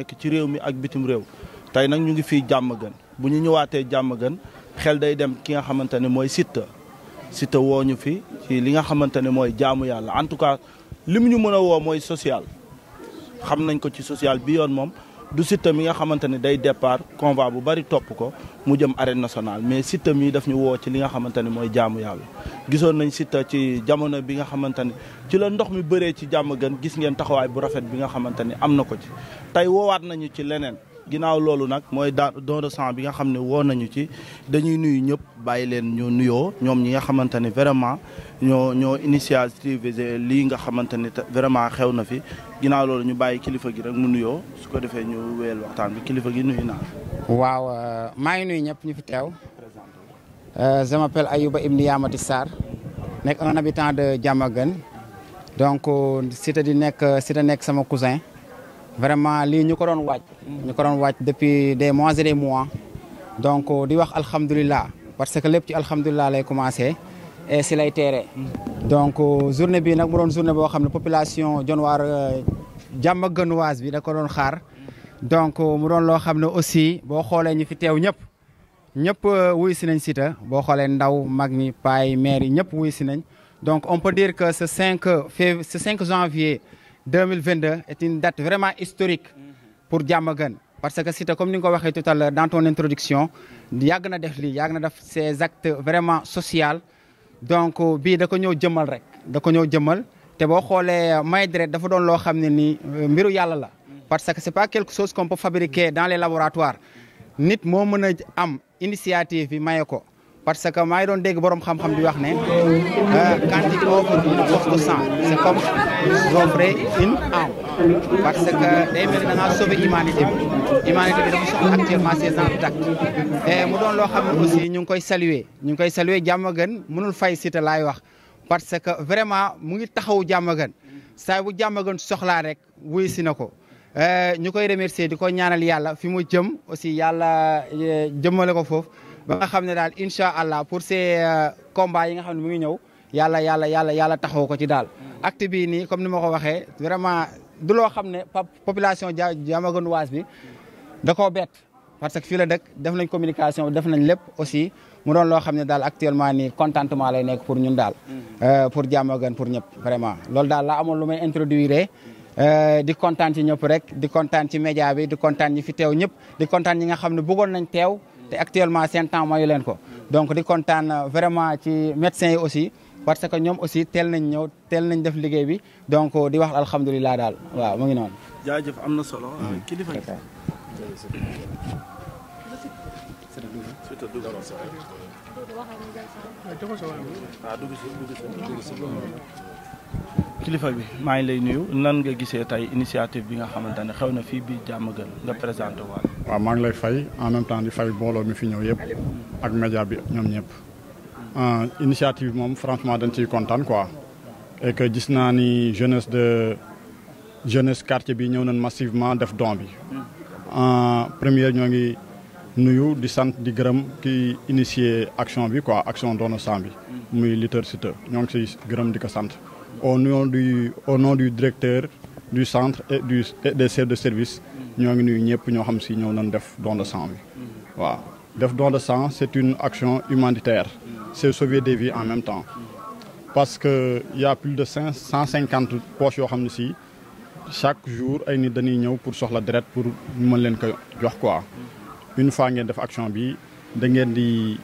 nekk ci réew mi ak bitim réew tey nag ñu ngi fii jàmm gën bu ñu ñëwaatee jàmm gën xel day dem ki nga xamante ne mooy Siteu Siteu woo ñu fi ci li nga xamante ne mooy jaamu yàlla en tout cas lim ñu mën a woo mooy social xam nañ ko ci social bi yoon moom du Siteu mi nga xamante ne day départ convoi bu bari topp ko mu jëm arène nationale mais Siteu mi def ñu woo ci li nga xamante ne mooy jaamu yàlla gisoon nañ Siteu ci jamono bi nga xamante ne ci la ndox mi bëree ci jàmm gan gis ngeen taxawaay bu rafet bi nga xamante ne am na ko ci tey woowaat nañu ci leneen ginnaaw loolu nag mooy da don de sang bi nga xam ne woo nañu ci dañuy nuyu ñëpp bàyyi leen ñu nuyoo ñoom ñi nga xamante ni vraiment ñoo ñoo initiative lii nga xamante ni vraiment xew na fi ginnaaw loolu ñu bàyyi kilifa gi rek mu nuyoo su ko defee ñu wéyal bi kilifa gi nuyu naa. waaw euh, maa ngi nuyu ñëpp ñu fi teew. Euh, je m'appelle Ayouba Ibni Yamati Sarr nekk un habitant de Diamaguène donc euh, cité di nekk cité nekk sama cousin. vraiment lii ñu ko doon waaj ñu ko doon waaj depuis des mois et des mois donc di wax alhamdulilah parce que lépp ci alhamdulilah lay commencé et si lay teeree donc journée bi nag mu doon journée boo xam ne population Dionewar euh, jàmm ak gënuwaas bi da ko doon xaar donc mu doon loo xam ne aussi boo xoolee ñu fi teew ñëpp ñëpp euh, wuy si nañ Siteu boo xoolee ndaw mag ñi paay maire yi ñëpp wuy si nañ donc on peut dire que ce 5 euh, fév ce 5 2022 est une date vraiment historique pour Diamaguène parce que Siteu comme ni nga ko waxee tout à l'heure dans ton introduction yàgg na def lii yàgg na def ces actes vraiment social donc euh, bii da ko ñëw jëmal rek da ko ñëw jëmal te boo xoolee euh, may deret dafa doon loo xam ne nii euh, mbiru yàlla la parce que c'est pas quelque chose qu'on peut fabriquer dans les laboratoires nit moo mën a am initiative bi maye ko parce que maa ngi doon dégg borom xam-xam di wax ne quantité offre offre sang c'est vous offrez une âme parce que day mel ni da ngaa sauver humanité bi soxla actuellement ces gens d'acte et mu doon loo xam ne aussi ñu ngi koy saluer ñu ngi koy saluer Diamaguène mënul fay Siteu laay wax parce que vraiment mu ngi taxaw Diamaguène saa bu Diamaguène soxlaa rek wuy si na ko euh, ñu koy remercier di ko ñaanal yàlla fi mu jëm aussi yàlla euh, jëmale ko foofu ba nga xam ne daal incha allah pour ces euh, combats yi nga xam ne mu ngi ñëw yàlla yàlla yàlla yàlla taxaw ko ci daal. Mm. acte bii nii comme ni ma ko waxee vraiment du loo xam ne population ja Diamaguène Ouass bi da koo bett parce que fii la dëkk def nañ communication def nañ lépp aussi mu doon loo xam ne daal actuellement nii contentement lay nekk pour ñun daal. Mm. Euh, pour Diamaguène pour ñëp vraiment loolu daal la amoon lu may introduire. Euh, di kontaan ci ñëp rek di kontaan ci média bi di kontaan ñi fi teew ñëpp di kontaan ñi nga xam ne bëggoon nañ teew te actuellement seen temps mayu leen ko mm. parce que ñoom aussi teel nañ ñëw teel nañ def liggéey bi donc di wax alhamdulilah daal waaw mu ngi noonu. jaajëf am na solo. Mm-hmm. kilifa gi. kilifa bi maa ngi lay nuyu nan nga gisee tey initiative bi nga xamante ne xew na fii biir Diamaguène nga présenté waa waaw maa ngi lay fay en même temps di fay booloo mi fi ñëw yëpp ak média bi ñoom ñëpp. Euh, initiative moom franchement dañ ci kontaan quoi et que gis naa ni jeunesse de jeunesse quartier bi ñëw nañ massivement def don bi en première ñoo ngi nuyu di sant di gërëm ki initier action bi quoi action Donnons Sang bi muy Litter Sitter ñoo ngi ciy gërëm di ko sant au nom du au nom du directeur du centre et du et des chefs de service ñoo ngi nuyu ñëpp ñoo xam si ñëw nañ def don de sang bi waaw def don de sang c'est une action humanitaire c'est sauver des vies en même temps parce que y a plus de cinq cent cinquante poches yoo xam ne si chaque jour ay nit danuy ñëw pour soxla deret pour mën leen ko jox quoi une fois ngeen def action bi da ngeen di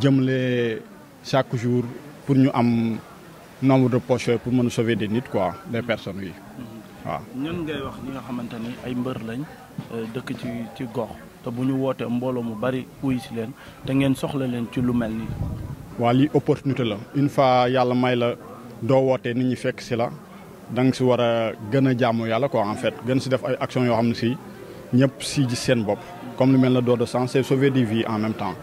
jëmle chaque jour pour ñu am nombre de poches pour mën a sauver des nit quoi des personnes yi mm-hmm. waaw. ñun ngay wax ñi nga xamante ni ay mbër lañ euh, dëkk ci ci gox. bu ñu wootee mbooloo mu bari uy leen te ngeen soxla leen ci lu mel nii. waa lii opportunité la une fois yàlla may la doo wootee ni ñi fekk si la da nga si war a gën a jaamu yàlla quoi en fait gën si def ay action yoo xam ne si ñëpp si gis seen bopp. comme lu mel na doo de sang c'est sauver des vies en même temps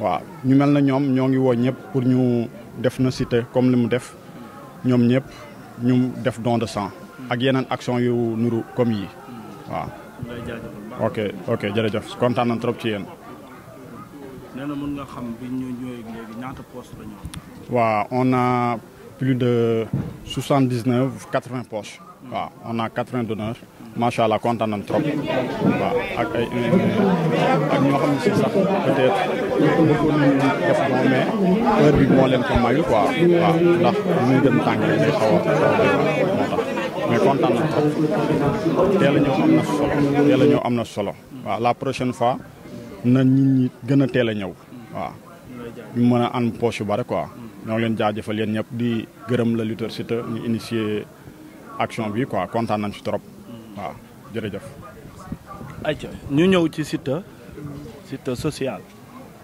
waaw ñu mel na ñoom ñoo ngi woo ñëpp pour ñu def na cité comme li mu def ñoom ñëpp ñu def don de sang. ak yeneen action yu nuru comme yi waaw. ok ok jërëjëf kontaan nañ trop ci yéen. nee na nga xam bi ñu ñëwee léegi ñaata poches la ñu on a plus de soixante dix neuf quatre hmm. waaw on a quatre vingt donneurs. macha allah kontaan nañ trop. waaw ak ay ak xam ne si sax peut-être bëggoon nañu def moom mais heure bi moo leen ko mayu quoi waaw ndax ñu gën tànk day xaw moo tax. mais kontaan na trop teel ñëw am na solo teel ñëw am na solo waaw la prochaine fois na nit ñi gën a teel a ñëw waaw ñu mën a am poche yu bari quoi ñoo ngi leen jaajëfal yéen ñëpp di gërëm la lutteur Siteu ñu initier action bi quoi kontaan nañ si trop waaw jërëjëf ayca ñu ñëw ci sita Siteu social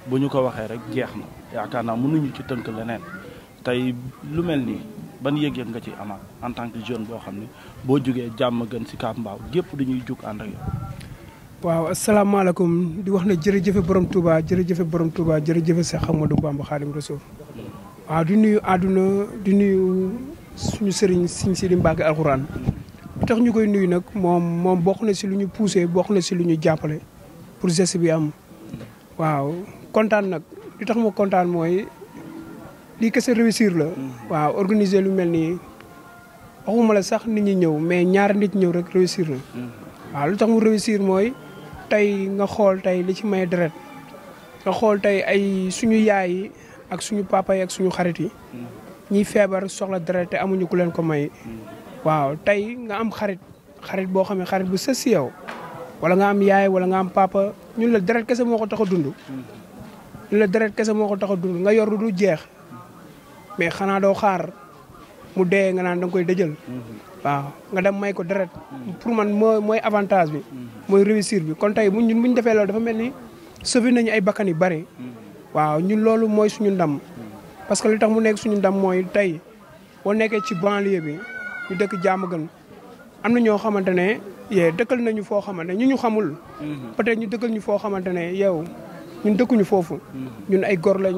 bu ñu ko waxee rek jeex na yaakaar naa mënuñu ci tënk leneen tey lu mel nii ban yëg-yëg nga ci amaat en tant que jeune boo xam ne boo jógee jàmm gën si Kaap Mbaaw gépp dañuy jug ànd ak yow. waaw asalaamaaleykum di wax ne jërëjëfe borom Touba jërëjëfe borom Touba jërëjëfe Seex Ahmadu Bamba Xaadimu Rasuul waaw di nuyu àdduna di nuyu suñu sëriñ Sëriñ Sidi Mbàkke alxuraan bi tax ñu koy nuyu nag moom moom bokk na si lu ñu poussé bokk na si lu ñu jàppale pour geste bi am waaw kontaan nag li tax ma kontaan mooy lii kese réussir la. Mm. waaw organiser lu mel nii waxuma la sax nit ñi ñëw mais ñaar nit ñëw rek réussir na. Mm. waaw lu tax mu réussir mooy tey nga xool tey li ci may deret nga xool tey ay suñu yaay yi ak suñu papa yi ak suñu xarit yi. Mm. ñii feebar soxla deret te amuñu ku leen ko may. waaw tey nga am xarit xarit boo xam ne xarit bu sës si yow wala nga am yaay wala nga am papa ñun la deret kese moo ko tax a dund. ñun la deret kese moo ko tax a dund nga yor lu jeex. mais xanaa doo xaar mu dee nga naan da koy dëjël. waaw nga dem may ko deret. pour man mooy mooy avantage bi. mooy réussir bi kon tey mu ñun bu ñu defee loolu dafa mel ni sauvé nañu ay bakkan yu bari. waaw ñun loolu mooy suñu ndam. parce que li tax mu nekk suñu ndam mooy tey boo nekkee ci banlieue bi ñu dëkk jàmm gën am na ñoo xamante ne yee dëkkal nañu foo xamante ne ñu ñu xamul. Mhm. peut-être ñu dëkkal ñu foo xamante ne yow ñun dëkkuñu foofu. Mhm. ñun ay gor lañ.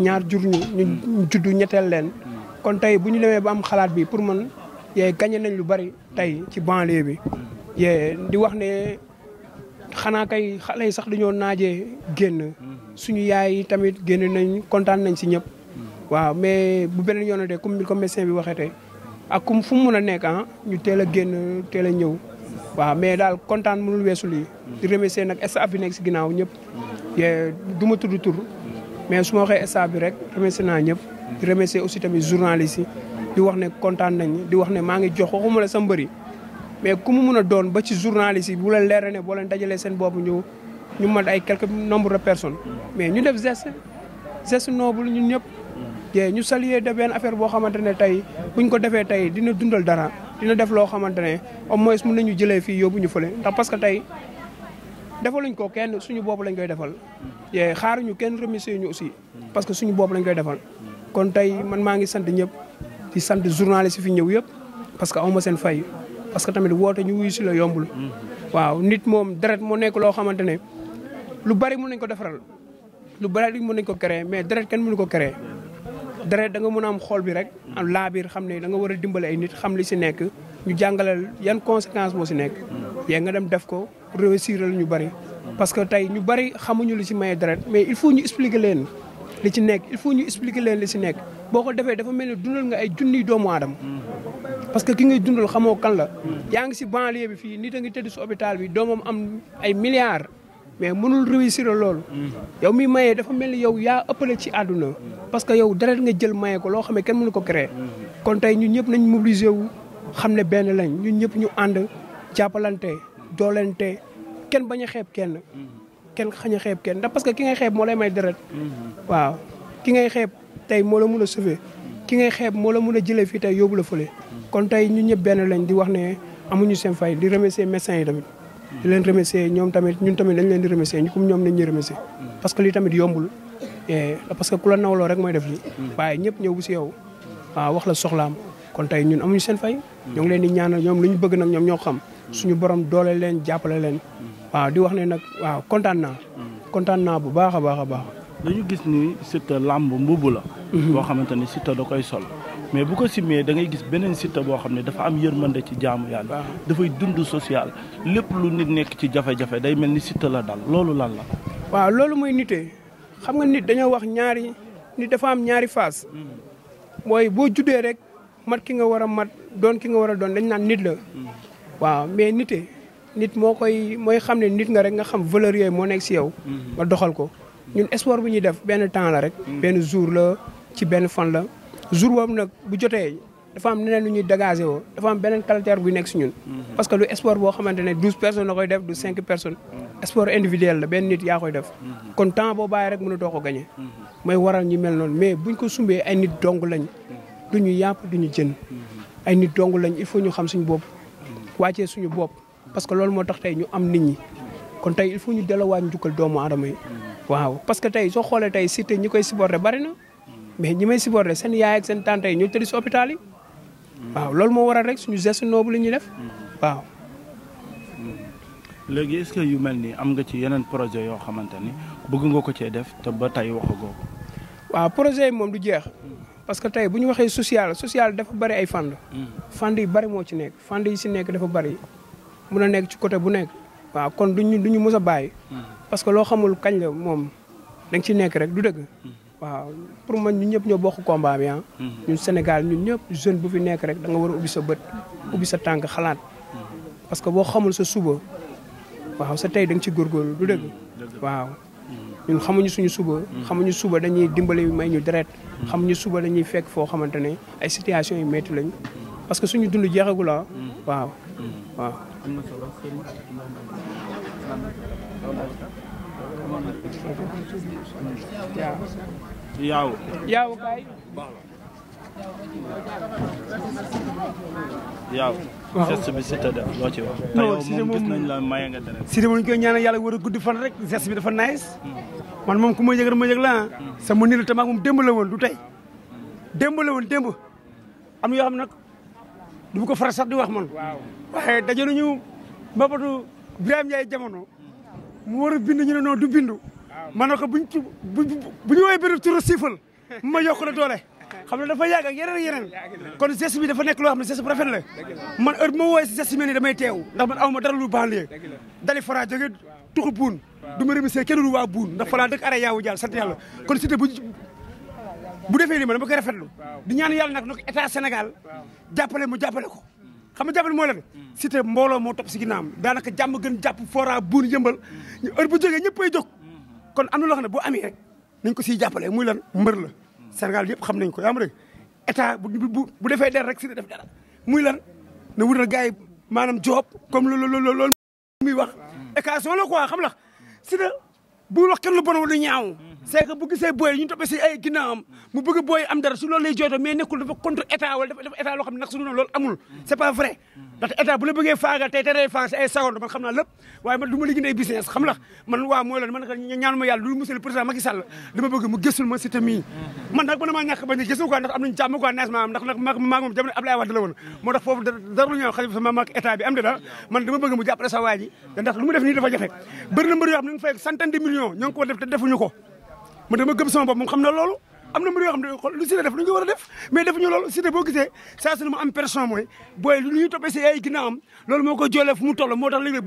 ñaar jur ñu ñu hmm. juddu ñetteel leen hmm. kon tey bu ñu demee ba am xalaat bi pour man yee gañe nañ lu bari tey ci banlieue bi hmm. yee di wax ne xanaa kay xale yi sax dañoo naajee génn suñu yaay tamit génn nañ kontaan nañ si ñëpp waaw mais bu beneen yoon de comme ni ko médecin bi waxee tey ak kum fu mu mën a nekk ah ñu teel a génn teel a ñëw waaw mais daal kontaan mënul weesu lii di remercier nag staff bi nekk si ginnaaw ñëpp du ma tudd tur mais suma ma waxee staff bi rek remercier naa ñëpp. di remercier aussi tamit journalistes yi. di wax ne kontaan nañ di wax ne maa ngi jox waxuma la sa mbëri mais ku mu mun a doon ba ci journalistes yi bu leen leeree ne boo leen dajalee seen bopp ñu ñu mën ay quelque nombre de personnes. mais ñu def geste geste noble ñu ñëpp. te ñu saluer de benn affaire boo xamante ne tey buñ ko defee tey dina dundal dara dina def loo xamante ne au moins mun nañu jëlee fii yóbbu ñu fële ndax parce que tey. defaluñ ko kenn suñu bopp lañ koy defal yee xaaruñu kenn remercier ñu aussi parce que suñu bopp lañ koy defal kon tey man maa ngi sant ñëpp di sant journaliste fi ñëw yëpp parce que aw ma seen fay parce que tamit woote ñu wuyu si la yombul waaw nit moom deret moo nekk loo xamante ne lu bari mën nañ ko defaral lu bari mën nañ ko créer mais deret kenn mënu ko créer deret danga nga mën a am xool bi rek am laa biir xam ne da nga war a dimbale ay nit xam li si nekk ñu jàngalal yan conséquence moo si nekk yaa nga dem def ko réussiral ñu bari. parce que tey ñu bari xamuñu lu ci maye deret mais il faut ñu expliquer leen li ci nekk il ñu expliquer leen li ci nekk boo ko defee mel ni dundal nga ay junniy doomu aadama. parce que ki ngay dundal xamoo kan la. yaa ngi si banlieue bi fii nit a ngi tëdd si hôpital bi doomam am ay milliards. mais mënul réussir lool yow mi mayee dafa mel ni yow yaa ëppale ci àdduna. parce que yow deret nga jël maye ko loo xam ne kenn mënu ko créer. kon tey ñun ñëpp nañ mobiliser wu xam ne benn lañ ñun ñëpp ñu ànd. jàppalante doolente kenn bañ a xeeb kenn. kenn xañ a xeeb kenn ndax parce que ki ngay xeeb moo lay may deret. waaw ki ngay xeeb tey moo la mun a sauver. ki ngay xeeb moo la mun a jëlee fii tey yóbbu la fële. kon tey ñun ñëpp benn lañ di wax ne amuñu seen fay di remercier médecins yi tamit. di leen ñoom tamit ñun tamit dañ leen di remercier ñu comme ñoom lañ ñuy remercier. parce que lii tamit yombul. Eh, parce que ku la nawloo rek mooy def lii. waaye ñëpp ñëw bu si yow. waaw wax la soxlaam kon tey ñun amuñu seen fay. ñoo ngi leen di ñaanal ñoom lu ñu bëgg nag ñoom ñoo xam. suñu borom doole leen jàppale leen. waaw di wax ne nag waaw kontaan naa. bu baax a baax a baax. dañu gis ni Siteu làmbu mbubb la. Mhm. boo xamante ni Siteu da koy sol. mais bu ko simee da gis beneen Siteu boo xam ne dafa am mën de ci jaamu yàlla. dafay dund social lépp lu nit nekk ci jafe-jafe day mel ni Siteu la dal loolu lan la. waaw loolu mooy nitee xam nga nit dañoo wax ñaari nit dafa am ñaari phase. Mhm. mooy boo juddee rek mat ki nga war a mat doon ki nga war a doon dañ naan nit la. Mhm. waaw mais nite nit moo koy mooy xam ne nit nga rek nga xam valeur yooyu moo nekk si yow. Mhm. nga doxal ko ñun sport bu ñuy def benn temps la rek. Mhm. benn jour la ci benn fan la. jour boobu nag bu jotee dafa am neneen lu ñuy dégagé woo dafa am beneen caractère bu nekk si ñun. Mhm. parce que lu sport boo xamante ne douze personnes koy def du cinq personnes. sport individuel la benn nit yaa koy def. kon temps boo bàyyi rek mënatoo ko gagné. mooy waral ñu mel noonu mais buñ ko sumbee ay nit dong lañ. du ñu yàpp du ñu jën. ay nit dong lañ il faut ñu xam suñu bopp. wàccee suñu bopp parce que loolu moo tax tey ñu am nit ñi kon tey il faut ñu delluwaat njukkal doomu aadama yi waaw parce que tey soo xoolee tey Siteu ñi koy supporté bari na mais ñi may supporté seen yaay ak seen tante ñu ñoo tëdd si hôpital waaw loolu moo waral rek suñu su noobu li ñuy def waaw léegi est-ce yu mel nii am nga ci yeneen projet yoo xamante ni bëgg nga ko cee def te ba tey waxagoo ko waaw projet yi moom du jeex parce que tey bu ñu waxee social social dafa bari ay fànn. Hmm. fànn yi bari moo ci nekk fànn yi si nekk dafa bari mun a nekk ci côté bu nekk. waaw kon duñu duñu mës a bàyyi. Hmm. parce que loo xamul kañ la moom da nga ci nekk rek du dëgg. Hmm. waaw pour ma ñu ñëpp ñoo bokk combat bi ah. ñun Sénégal ñun ñëpp jeune bu fi nekk rek da nga war a ubbi sa bët. ubbi sa tànk xalaat. parce que boo xamul sa suba waaw sa tey da nga ci góorgóorlu du dëgg. waaw. ñun xamuñu suñu suba. Mm. xamuñu suba dañuy dimbali may ñu deret. Mm. xamuñu suba dañuy fekk foo xamante ne ay situation yu métti lañ. Mm. parce que suñu dund jeexagu ah. waaw waaw. yaaw. yaaw kay. yaaw geste bi Siteu loo ci wax. te yow moom gis nañ la maye nga ñu koy ñaanal yàlla war a gudd fan rek geste bi dafa nice. man moom ku ma yëg rek ma yëg sama nii la tam ak moom démb la woon du tey. démb la woon démb am na yoo xam nag du ko faral sax di wax man. waaye daje nañu mbabatu Birame Ndiaye jamono mu war a bind ñu ne du bindu. ma ne buñ ci bu ñu woowee benn tur siifal ma yokk la doole. xam nga dafa yàgg ak yeneen yeneen kon geste bi dafa nekk loo xam ne geste bu rafet la man heure bi ma wooyee si geste bi nii damay teew ndax man aw ma dara lu banlieue dali fara jóge tuxu buun du ma remercier kenn du waa buun ndax falaa dëkk ara yaawu jàll sant yàlla kon Siteu bu bu defee lii ma dama koy rafetlu di ñaan yàlla nag nag état senegal jàppale mu jàppale ko xam nga jàppale moo la de Siteu mbooloo moo topp si ginnaawam daanaka jàmm gën jàpp fora buun yëmbal heure bu jógee ñëppay jóg kon am na loo xam ne boo amee rek ko siy jàppale muy lan mbër la Sénégal yëpp xam nañ ko yaa ma dégg bu bu bu defee rek si def dara muy lan ne wutal gars yi maanaam job comme loolu loolu loolu muy wax occasion la quoi xam la si da bu wax kenn lu bon lu ñaaw c'est que bu gisee booy ñu toppee si ay ginnaawam mu bëgg booy am dara su loolu lay jooytoo mais nekkul dafa contre état wala dafa état loo xam ne nag su loolu amul c'est pas vrai ndax état bu la bëggee faaga tey te day faag ay seconde man xam naa lépp waaye man du ma liggéey ay business xam la man waa mooy loolu man ñaan ma yàlla lu monsieur le président Macky Sall dama bëgg mu gëstul ma si tamit man nag mën a maa ñàkk bañ a gëstu quoi ndax am nañu jàmm quoi nees ma am ndax nag maa maa moom jamono Abdoulaye Wade la woon moo tax foofu dara lu ñëw xalif sama mag état bi am de daal man dama bëgg mu jàppale sa waa ji ndax lu mu def nii dafa jafe bëri na mbër yoo xam ne ñu fay centaine de millions ñoo ngi ko def te defuñu ko man dama gëm sama bopp moom xam na loolu am na mbir yoo xam ne lu Siteu def lu ñu war a def mais defuñu loolu boo gisee saa mu am personne mooy booy lu ñuy toppee si yaay ginnaawam loolu moo ko joolee fu mu toll moo tax léegi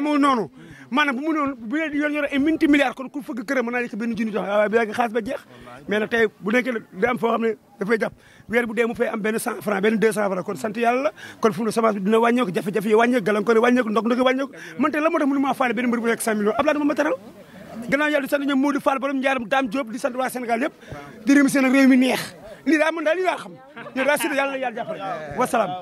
bu mu noonu bu dee yor naa yëkk benn junni ba jeex mais nag tey bu nekkee da am foo xam ne dafay jàpp weer bu dee mu fay kon sant yàlla la kon man tey la moo tax mënu maa faale benn mbir bu nekk cent millions Abdoulaye dama ma teral gannaaw yàlla di sant ñoom Modou Fall borom njaaram Dame Diop di sant waa Sénégal yëpp di remercier nag réew neex lii daa mën daal lii laa xam ñu daa sant yàlla yàlla jàppale wasalaam